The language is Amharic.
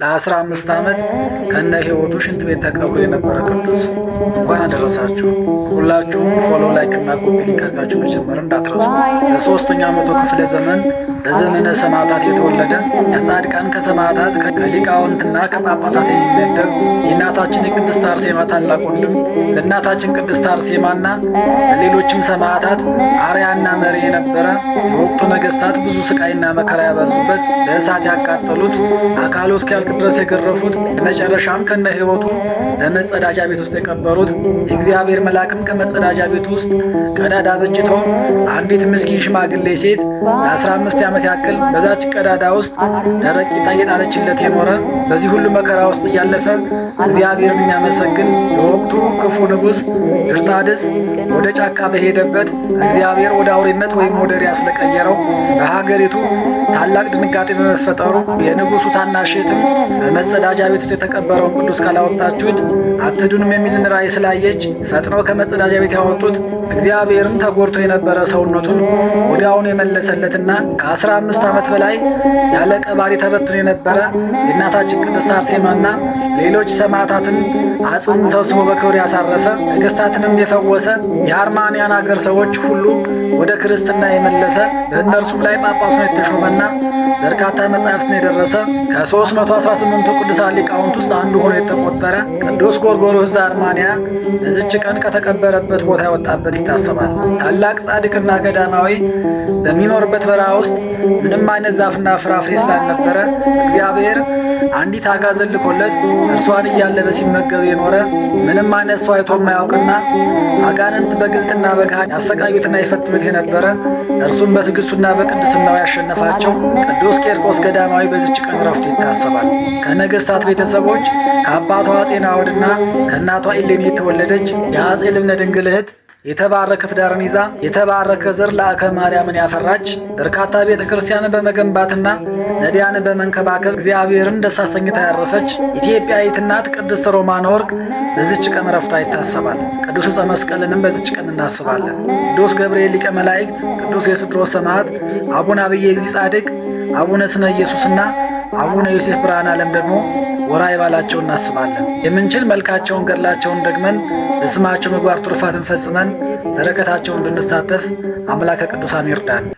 ለአስራ አምስት ዓመት ከነ ህይወቱ ሽንት ቤት ተቀብሮ የነበረ ቅዱስ እንኳን አደረሳችሁ። ሁላችሁም ፎሎ ላይክ እና ኮፒ ሊንካችሁ መጀመር እንዳትረሱ። በሦስተኛው መቶ ክፍለ ዘመን በዘመነ ሰማዕታት የተወለደ ከጻድቃን ከሰማዕታት ከሊቃውንትና ከጳጳሳት የሚመደብ የእናታችን የቅድስት አርሴማ ታላቅ ወንድም ለእናታችን ቅድስት አርሴማና ለሌሎችም ሰማዕታት አርያና መሪ የነበረ የወቅቱ ነገስታት ብዙ ስቃይና መከራ ያበዙበት በእሳት ያቃጠሉት አካሉ እስኪያ እስኪያልቅ ድረስ የገረፉት መጨረሻም ከነ ሕይወቱ በመጸዳጃ ቤት ውስጥ የቀበሩት የእግዚአብሔር መልአክም ከመጸዳጃ ቤት ውስጥ ቀዳዳ በጅተው አንዲት ምስኪን ሽማግሌ ሴት ለ15 ዓመት ያክል በዛች ቀዳዳ ውስጥ ደረቅ ቂጣ የጣለችለት የኖረ በዚህ ሁሉ መከራ ውስጥ እያለፈ እግዚአብሔርን የሚያመሰግን የወቅቱ ክፉ ንጉሥ ድርጣድስ ወደ ጫካ በሄደበት እግዚአብሔር ወደ አውሬነት ወይም ወደ ሪያ ስለቀየረው በሀገሪቱ ታላቅ ድንጋጤ በመፈጠሩ የንጉሱ ታናሽትም በመጸዳጃ ቤት ውስጥ የተቀበረውን ቅዱስ ካላወጣችሁት አትዱንም የሚልን ራእይ ስላየች ፈጥነው ከመጸዳጃ ቤት ያወጡት እግዚአብሔርን ተጎድቶ የነበረ ሰውነቱን ወዲያውኑ የመለሰለትና ከአስራ አምስት ዓመት በላይ ያለ ቀባሪ ተበትኖ የነበረ የእናታችን ቅድስት አርሴማና ሌሎች ሰማዕታትን አጽም ሰብስቦ በክብር ያሳረፈ ነገስታትንም የፈወሰ የአርማንያን አገር ሰዎች ሁሉ ወደ ክርስትና የመለሰ በእነርሱም ላይ ጳጳሱን የተሾመና በርካታ መጻሕፍትን የደረሰ ከ መቶ ከ18ቱ ቅዱሳን ሊቃውንት ውስጥ አንዱ ሆኖ የተቆጠረ ቅዱስ ጎርጎሮስ ዘአርማንያ በዚች ቀን ከተቀበረበት ቦታ የወጣበት ይታሰባል። ታላቅ ጻድቅና ገዳማዊ በሚኖርበት በረሃ ውስጥ ምንም አይነት ዛፍና ፍራፍሬ ስላልነበረ እግዚአብሔር አንዲት አጋዘን ልኮለት እርሷን እያለበ ሲመገብ የኖረ ምንም አይነት ሰው አይቶ የማያውቅና አጋንንት በግልጥና በካህን ያሰቃዩትና ይፈትኑት የነበረ እርሱም በትዕግሥቱና በቅድስናው ያሸነፋቸው ቅዱስ ቄርቆስ ገዳማዊ በዚች ቀን ረፍቱ ይታሰባል። ከነገሥታት ቤተሰቦች ከአባቷ አፄ ናዖድና ከእናቷ ኢሌኒ የተወለደች የአፄ ልብነ ድንግል እህት የተባረከ ትዳርን ይዛ የተባረከ ዘር ለአከ ማርያምን ያፈራች በርካታ ቤተ ክርስቲያንን በመገንባትና ነዳያንን በመንከባከብ እግዚአብሔርን ደስ አሰኝታ ያረፈች ኢትዮጵያዊት እናት ቅድስት ሮማነ ወርቅ በዚች ቀን ረፍቷ ይታሰባል። ቅዱስ ዕፀ መስቀልንም በዚች ቀን እናስባለን። ቅዱስ ገብርኤል ሊቀ መላእክት፣ ቅዱስ የስድሮስ ሰማዕት፣ አቡነ አብየ እግዚእ ጻድቅ፣ አቡነ ስነ ኢየሱስና አቡነ ዮሴፍ ብርሃን ዓለም ደግሞ ወራይ ባላቸው እናስባለን። የምንችል መልካቸውን ገድላቸውን ደግመን በስማቸው ምግባር ትሩፋትን ፈጽመን በረከታቸውን ብንሳተፍ አምላከ ቅዱሳን ይርዳል።